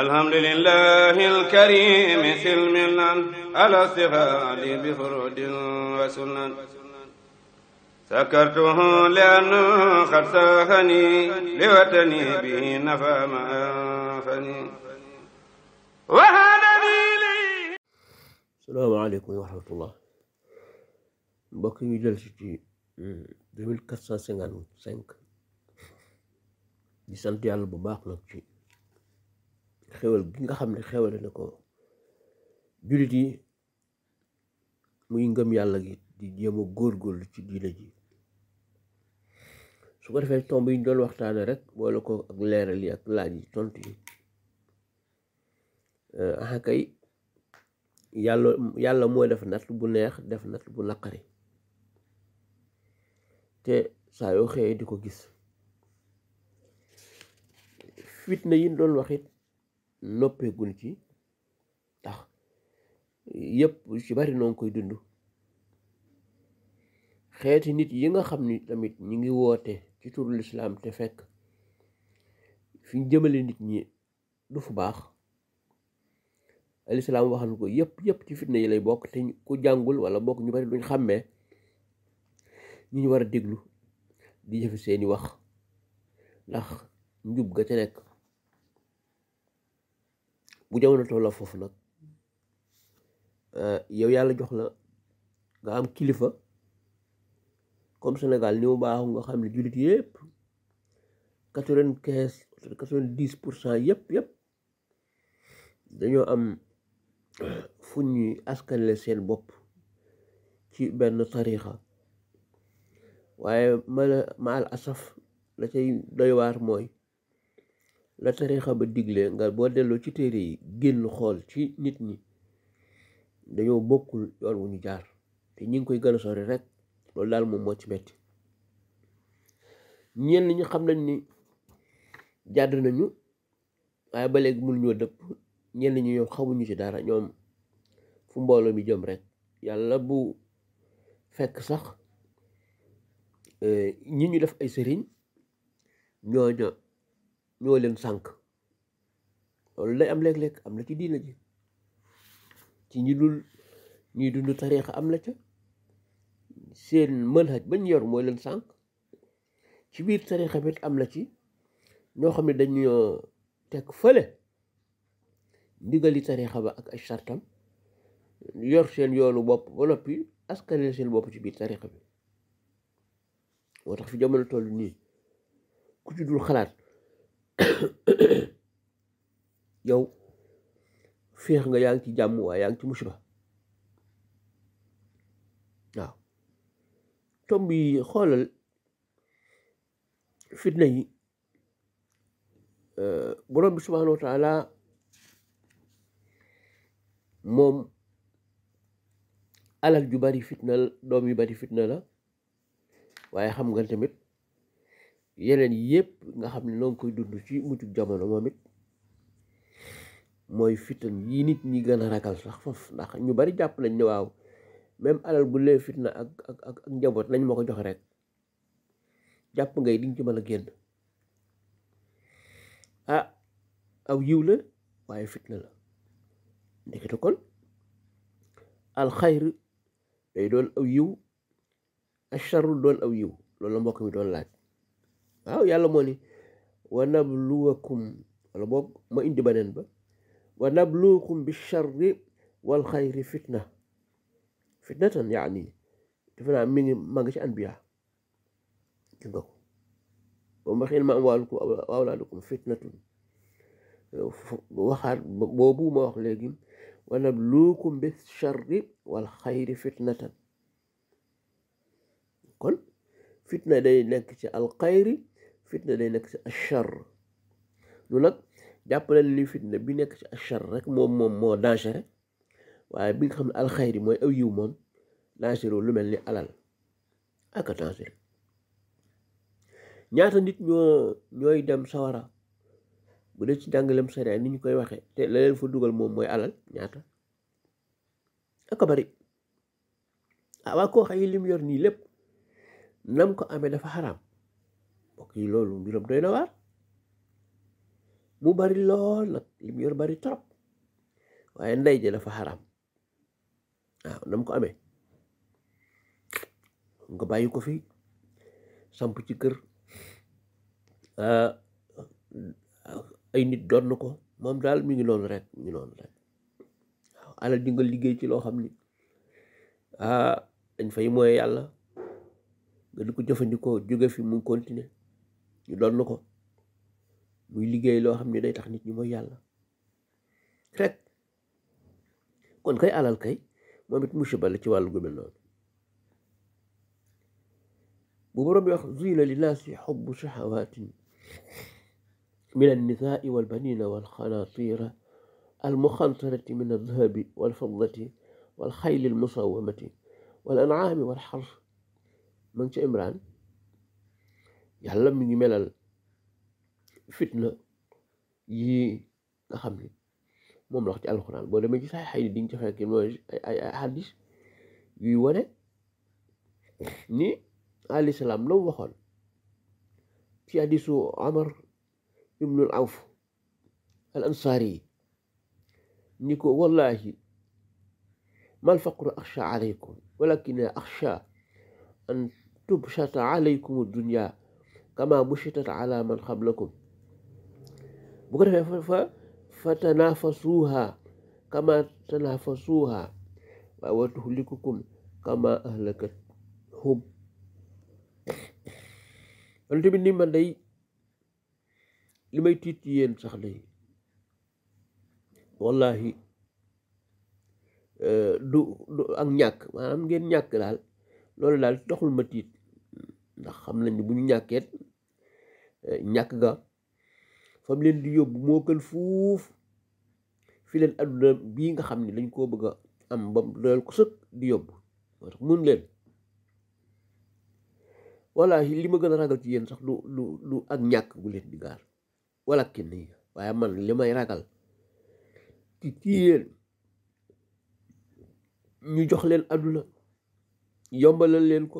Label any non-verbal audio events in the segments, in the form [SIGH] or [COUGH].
الحمد لله الكريم سلمنا على استفاد بفرود وسنن سكرته لأنه قد ساهني لوطني به نفى ما أنفني وهدني لي السلام عليكم ورحمة الله mbokk yu jël si ci 2455 di sant yàlla bu baax nag ci xewal gi nga xam ne xewale na ko jullit yi muy ngëm yàlla gi di jéem a lu ci diine ji su ko defee tomb yi ñu doon waxtaane rek boole ko ak leeral yi ak laaj yi tontu yi eh, aha kay yàlla yàlla mooy def natt bu neex def natt bu naqari te saa yoo xëyee di ko gis fitna yi doon wax noppeegun ci ndax yëpp ci bari noo koy dund xeeti nit yi nga xam ni tamit ñi ngi woote ci turu lislaam te fekk fi ñu jëmale nit ñi du fu baax alislaam waxal ko yëpp yëpp ci fitna yi lay bokk te ku jàngul wala bokk ñu bari duñ xàmmee ñi war a déglu di jëfe seeni wax ndax njub ga ca nekk bu jaw jamono tolloo foofu nag eh, yow yàlla jox la nga am kilifa comme Sénégal ni mu baaxu nga xam ne jullit yëpp quatre vingt pour cent yëpp yëpp dañoo am fu ñuy askanle seen bopp ci benn tarixa waaye ma maal asaf la cay doy mooy la tarixa ba digle nga boo delloo ci téere yi génn xool ci nit ñi dañoo bokkul yoon wu ñu jaar te ñi ngi koy gën a sori rek loolu daal moom moo ci metti ñenn ñi xam nañ ni jàdd nañu waaye ba léegi mënu ñoo dëpp ñenn ñi ñoom xamuñu ci dara ñoom fu mbooloo mi jëm rek yàlla bu fekk sax eh, ñi ñu def ay sëriñ ñooña ñoo leen sànq loolu day am léeg-léeg am na ci diina ji ci ñi dul ñuy dund tariixa am la ca seen manhaj bañ yor mooy leen sànq ci biir tariixa bi am na ci ñoo xam ne dañoo teg fële ndigali tariixa ba ak ay sartam yor seen yoonu bopp ba noppi askanel seen bopp ci biir tariixa bi moo tax fi jamono toll nii ku ci dul xalaat [COUGHS] yow féex nga yaa ngi ci jàmm waaye yaa ngi ci musiba waaw tom bi xoolal fitna yi euh, borom bi subhaanahu taala moom alal ju bari fitna doom yu bari fitna la waaye xam nga tamit yeneen yëpp nga xam ne noo ngi koy dund ci mujj jamono moom it mooy fitan yii nit ñi gën a ragal sax foofu ndax ñu bari jàpp nañ ne waaw même alal bu lee fitna ak ak njaboot nañ ma ko joxe rek jàpp ngay diñ ci mën a génn a ah, aw yiw la waaye na la ndekete kon alxayr day doon aw yiw acharul doon aw yiw loolu la mbokk mi doon laaj waaw yàlla moo ni wa nabluwakum wala boog ma indi ba wa nabluwakum bi charri wal xayri fitna fitnatan yaani defe naa mi ngi ma ngi ko ba ma xil ma amwaalukum wa awlaadukum fitnatun waxaat boobu ma wax léegi wa nabluwakum bi charri wal xayri fitnatan kon fitna day nekk ci alxayri fitna day nekk ci achar lu nag jàppale ni fitna bi nekk ci achar rek moom moom moo dangereux waaye bi nga xam ne alxayri mooy aw yiw moom dangereux lu mel ni alal ak a ñaata nit ñoo ñooy dem sawara bu dee ci jàngalem sariya ni ñu koy waxee te la leen fa dugal moom mooy alal ñaata ak a bari ah, waa koo xëy lim yor nii lépp nam ko amee dafa xaraam mbokk yi loolu mbiram doy na waar mu bari lool nag li yor bari trop waaye ndey ja dafa xaram waaw nam ko amee nga bàyyi ko fi samp ci kër ah, ay nit doon na ko moom daal mi ngi noonu rek mi ngi noonu rek waaw alal liggéey ci loo xam ni ah, dañ fay mooy yàlla nga di ko jëfandikoo jóge fi mu continuer ñu doon ko muy liggéey loo xam ni day tax nit ñi mooy yàlla rek kon kay alal kay moom it musiba la ci wàllu gu mel noonu bu borom bi wax zuyina linnaasi xubbu saxawaatin min annisaai walbanina walxanaatira almuxantarati min aldahabi walfiddati walxayli almusawamati walancaami walxars ma ngi ca imran yàlla mi ngi melal fitna yi nga xam ni moom la ci alxuraan boo demee ci saay xay di ci fekk mooy ay ay hadis yuy wane salaam la waxoon ci hadisu Amar ibnul Awf al ansaari ni ko wallahi mal faqru axsha alaykum walakin axsha an tubshata alaykum dunya kama bushitat ala man xablakum bu ko defee fa fa tanaafasuuha kama tanaafasuuha waaye wa tuhlikukum kama ahlakat hum wante bi ni man day li tiit yéen sax day wallahi euh, du ak ñàkk maanaam ngeen ñàkk daal loolu daal taxul ma tiit ndax xam nañ bu ñu ñàkkeet ñàkk ga fam leen di yóbbu moo gën fuuf fi leen adduna bii nga xam ne dañ koo bëgg a am bam doyal ko sëkk di yóbbu moo tax mun leen wallaahi li ma gën a ragal ci yéen sax lu lu ak ñàkk leen di gaar kenn yi waaye man li may ragal ci ñu jox leen adduna yombalal leen ko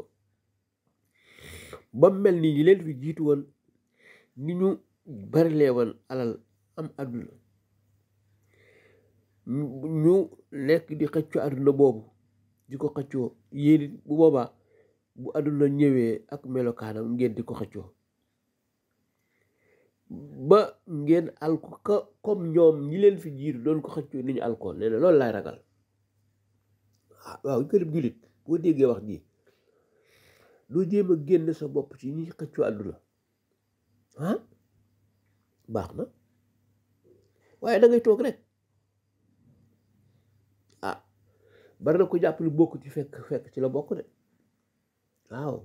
ba mel ni ñi leen fi jiitu woon ni ñu barilee woon alal am àdduna ñu lekk di xëccoo àdduna boobu di ko xëccoo yéen bu boobaa bu àdduna ñëwee ak melokaanam ngeen di ko xëccoo ba ngeen alko ka comme ñoom ñi leen fi jiir doon ko xëccoo ni ñu alkool nee na loolu laay ragal ah, waaw kër jullit boo déggee wax ji doo jéem a génn sa bopp ci ñi xëccoo àdduna ah baax na waaye da ngay toog rek ah bari na ko jàpp lu bokk ci fekk fekk ci la bokk de waaw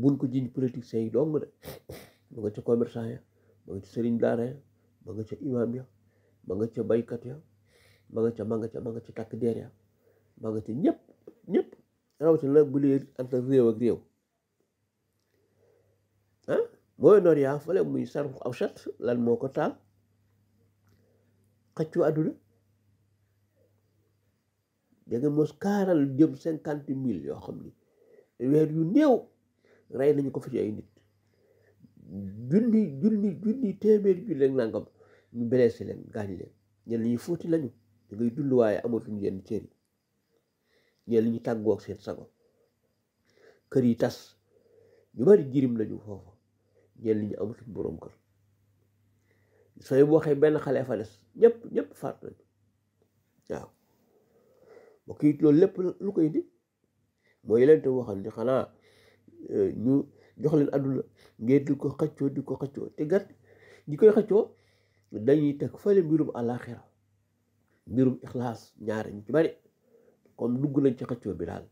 bul ko jiñ politiciens yi dong de ma nga ca commerçant ya ma nga ca sëriñ daara ya ma nga ca imam ya ma nga ca baykat ya ma nga ca ma nga ca ma nga ca takk der ya ma nga ñëpp ñëpp rawatina nag bu lee entre réew ak réew moo noonu yaa fale muy sarfu awsat lan moo ko taal xëccu àdduna da nga mos kaaral jëm cinquante mille yoo xam ni weer yu néew rey nañu ko fi ci ay nit junni junni junni téeméer ju leen nangam ñu blessé leen gaañ leen ñenn ñi fuuti lañu da ngay dund waaye amatuñu yenn seen sago kër yi tas ñu bari jirim lañu foofu ñenn ñi amatul boroom kër sooy waxee benn xale fa des ñëpp ñëpp faat nañu waaw mbokk yi loolu lépp lu koy indi mooy leen te waxal ni xanaa euh, ñu jox leen àdduna ngeen di ko xëccoo di ko xëccoo te gat ñi koy xëccoo dañuy teg fële mbirum àllaaxira mbirum ixlaas ñaari ñu ci dugg nañ ci xëccoo bi daal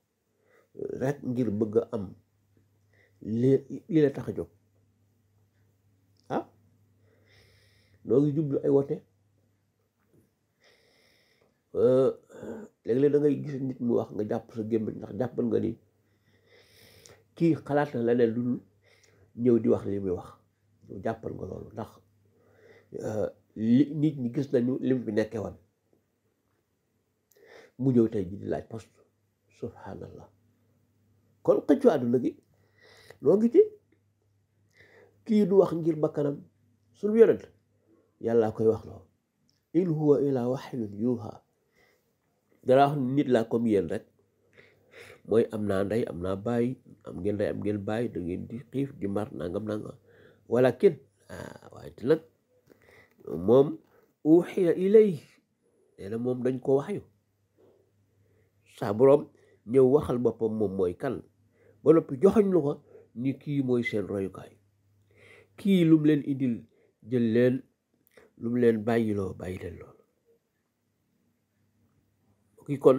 rek ngir bëgg am li li la tax a jóg noo jublu ay wote euh, léeg-léeg da ngay gis nit mu wax nga jàpp sa gémmiñ ndax jàppal nga ni kii xalaat na leneen lu ñëw di wax li muy wax yow jàppal nga loolu ndax euh, li nit ñi gis nañu lim fi nekkee wan mu ñëw tey ji di laaj poste subhanallah kon xëccu àdduna gi loo ngi ci kii du wax ngir bakkanam suñu yonent yàlla koy wax loo in huwa illaa wahyun yuuhaa danaa wax nit laa comme yéen rek mooy am naa ndey am naa bàyyi am ngeen ndey am ngeen baay da ngeen di xiif di mar nangam nangam walakin ah, waayente nag moom uxiya ilay nee na moom dañ koo waxyu saa boroom ñëw waxal boppam moom mooy kan ba noppi joxoñ lu ko ni kii mooy seen royukaay kii lum leen indil jël leen lu mu leen bàyyiloo bàyyi leen loolu kii kon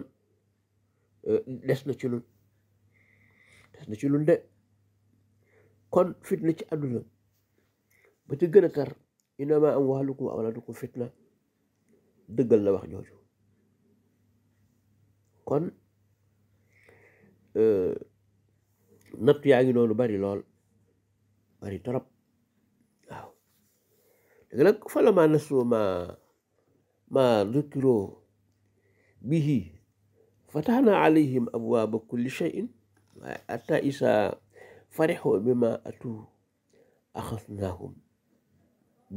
euh, des na ci lun des na ci lun de kon fitna ci àdduna ba ci gën a tar inama am waalukum awlaadukum fitna dëggal la wax jooju kon euh, natt yaa ngi noonu bari lool bari torop nag falammaa nasuu maa maa dukiruu bihi fatahnaa alayhim abwaaba kulli shay'in hattaa izaa farihuu bimaa aatuu axadnaahum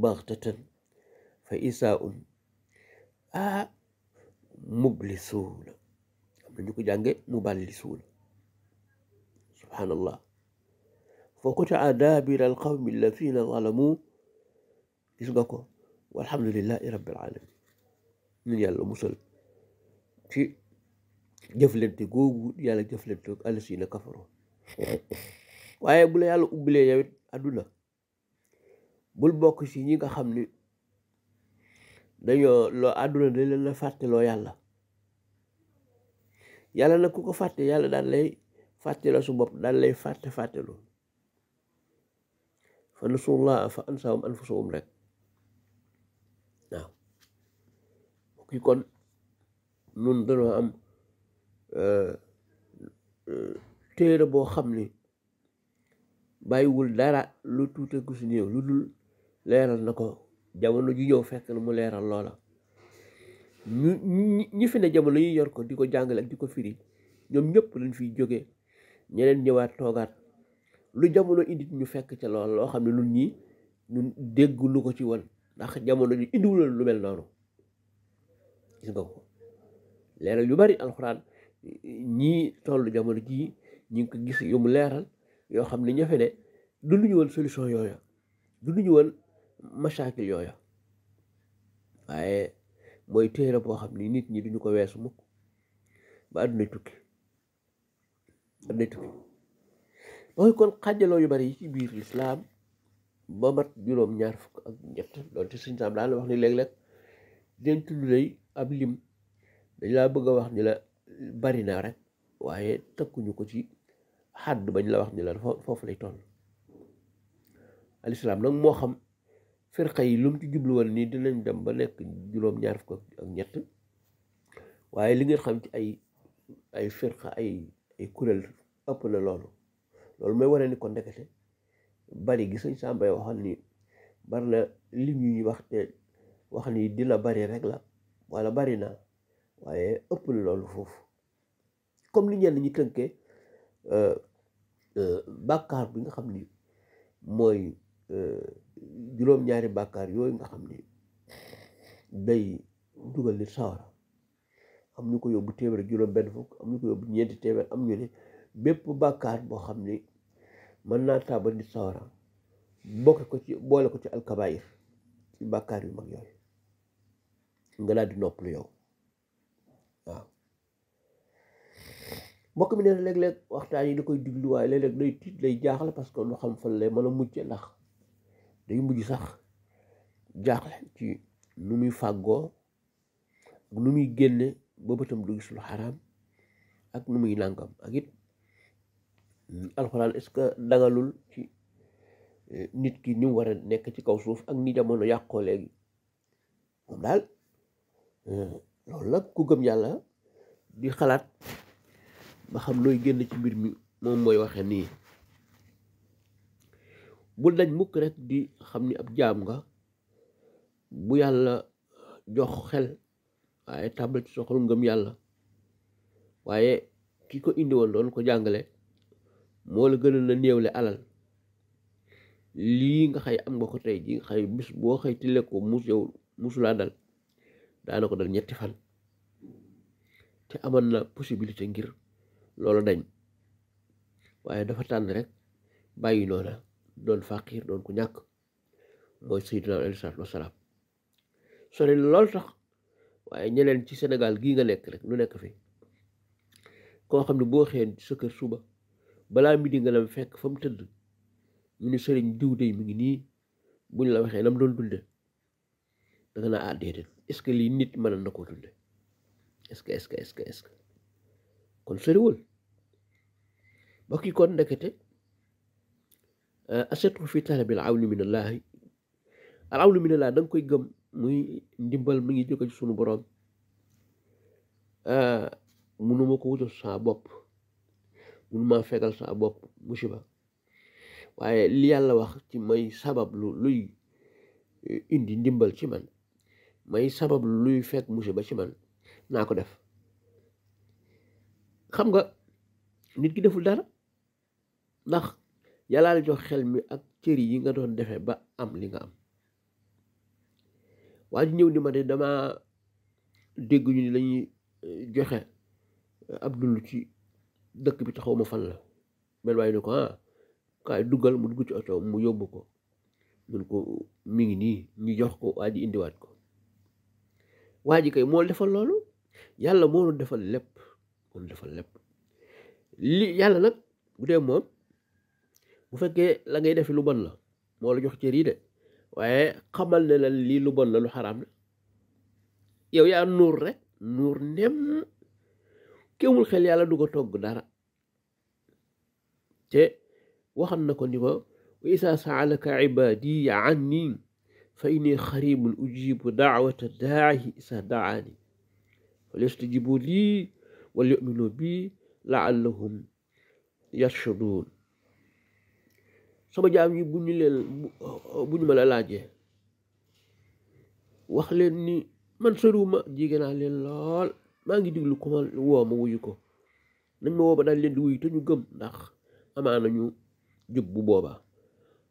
baxtatan fa izaa hum mublisuuna am na ñu ko jànge muballisuuna subhaanallah fa qutia daabira alqawmi allazina zalamuu gis nga ko walhamdulillahi rabbil alamin ñun yàlla musal ci jëflante googu yàlla jëflante ak alasina kafaro waaye bu la yàlla ubbilee yawit àdduna bul bokk si ñi nga xam ni dañoo loo àdduna dañ leen a fàtteloo yàlla yàlla na ku ko fàtte yàlla daan lay fàtteloo su bopp daan lay fàtte fàtteloo fa nasullaha fa ansahum anfusahum rek mbokk kon nun dañoo am euh, euh, téere boo xam ni bàyyiwul dara lu tuute ku si néew lu dul leeral na ko jamono ju ñëw fekk na mu leeral loola ñu ñi fi ne jamono yi yor ko di ko jàngale ak di ko firi ñoom ñëpp lañ fiy jóge ñeneen ñëwaat toogaat lu jamono indi ñu fekk ca lool loo xam ne ñun ñii ñu dégg lu ko ci woon ndax jamono ji indiwul lu mel noonu gis leeral yu bari alxuraan ñii tollu jamono jii ñu ngi ko gis yu mu leeral yoo xam ne ñafe ne dunduñu woon solution yooya dunduñu woon masaakil yooya waaye mooy téere boo xam ni nit ñi duñu ko weesu mukk ba àdduna tukki àdduna tukki kon xàjjaloo yu bari yi ci biir lislaam ba mat juróom ñaar fukk ak ñett doonte suñ saam daal wax ni léeg-léeg dinañ tudd lay ab lim dañ laa bëgg a wax ni la bari na rek waaye tëkkuñu ko ci xàdd bañ la wax ni la foofu lay toll alislaam nag moo xam firqa yi lu mu ci jublu woon nii dinañ dem ba nekk juróom-ñaar fukk ak ñett waaye li nga xam ci ay ay firqa ay ay kuréel ëpp na loolu loolu mooy wane ni ko ndekete bari gi sëñ Sàmbay waxoon ni bari na lim yu ñu wax te wax ni dina bari rek la walla bari na waaye ëpp na loolu foofu comme li ñenn ñi tënkee euh, euh, bàkkaar bi nga xam ni mooy euh, juróom-ñaari bàkkaar yooyu nga xam ni bay dugal nit sawara am ñu ko yóbbu téeméer juróom benn fukk am ñu ko yóbbu ñeenti téeméer am ñu ne bépp bàkkaar boo xam ni mën naa taabal nit sawara bokk ko ci boole ko ci alkabaayir ci bàkkaar yu mag yooyu nga daal di noppalu yow waaw mbokk mi nee na léeg waxtaan yi da koy diglu waaye lay jaaxle parce que lu xam fan lay mën a mujje ndax day mujj sax jaaxle ci nu muy fàggoo ak nu muy génne ba bëtam du gis lu xaraam ak nu muy nànkam ak it alxuraan est-ce que dagalul ci eh, nit ki ni war a nekk ci kaw suuf ak ni jamono yàqoo léegi moom daal Euh, loolu nag ku gëm yàlla di xalaat ba xam looy génn ci mbir mi moom mooy waxe nii bu dañ mukk rek di xam ni ab jaam nga bu yàlla jox xel waaye tàmbali ci soxal ngëm yàlla waaye ki ko indi woon doon ko jàngale moo la gënal na néewle alal lii nga xay am nga ko tey ji nga xay bis boo xëy tile ko mus yow musulaa dal daana ko dal ñetti fan te amoon na possibilité ngir loolu dañ waaye dafa tànn rek bàyyi noona doon fàqiir doon ku ñàkk mooy sayyidina alayhi salaatu wasalaam sori loolu tax waaye ñeneen ci senegal gii nga nekk rek lu nekk fi koo xam ne boo xëyee sa kër suba balaa midi nga lam fekk fa tëdd ñu ni sëriñ diw dey mi ngi nii buñ la waxee nam doon dunde danga naa ah déedéet est-ce que lii nit mën na koo dunde est-ce que est kon soriwul mbokk yi kon ndekete euh, asettu fi talabil awni min allahi al awni min allahi da nga koy gëm muy ndimbal mu ngi jóge ci sunu boroom euh, munuma ko wutal saa bopp munuma fegal saa bopp musiba waaye li yàlla wax ci may sabab lu luy euh, indi ndimbal ci man may sabab luy fekk musiba ci man naa ko def xam nga nit ki deful dara ndax yàllaa jox xel mi ak cër yi nga doon defee ba am li nga am waa ji ñëw ni ma de dama dégg ñu ni lañuy eh, joxe eh, ab dund ci dëkk bi taxaw ma fan la benn waaye ni ko ah kaay duggal mu dugg ci oto mu yóbbu ko mun ko mi ngi nii ñu jox ko waa ji indiwaat ko waa ji kay moo defal loolu yàlla moo defal lépp moo defal lépp li yàlla nag bu moom bu fekkee la ngay defi lu bon la moo la jox cër yi de waaye xamal ne la lii lu bon la lu xaraam la yow yaa nuur rek nuur nem kéwul xel yàlla du ko togg dara te waxan na ko ni ko wa isa saalaka ibadi anni fa inni xaribun ujibu daawata daahi isa daani falyastajibu lii wal yuminu bi laallahum yarshudun sama jaam ñi bu ñu leen bu ñu ma la laajee wax leen ni man soriwuma jege naa leen lool maa ngi diglu ko ma woo ma wuyu ko nañ ma woo ba daal leen di wuyu te ñu gëm ndax amaana ñu jub bu boobaa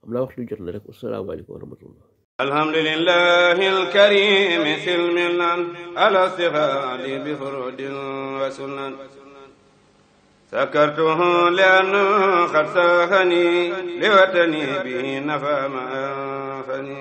am naa wax lu jot na rek wasalaamaaleykum wa rahmatullah alhamdulilah alkarim silmilan ala stighaali bi furudin wa sunan sakartuhu li annu qad saxani li watani bi nafa ma anfani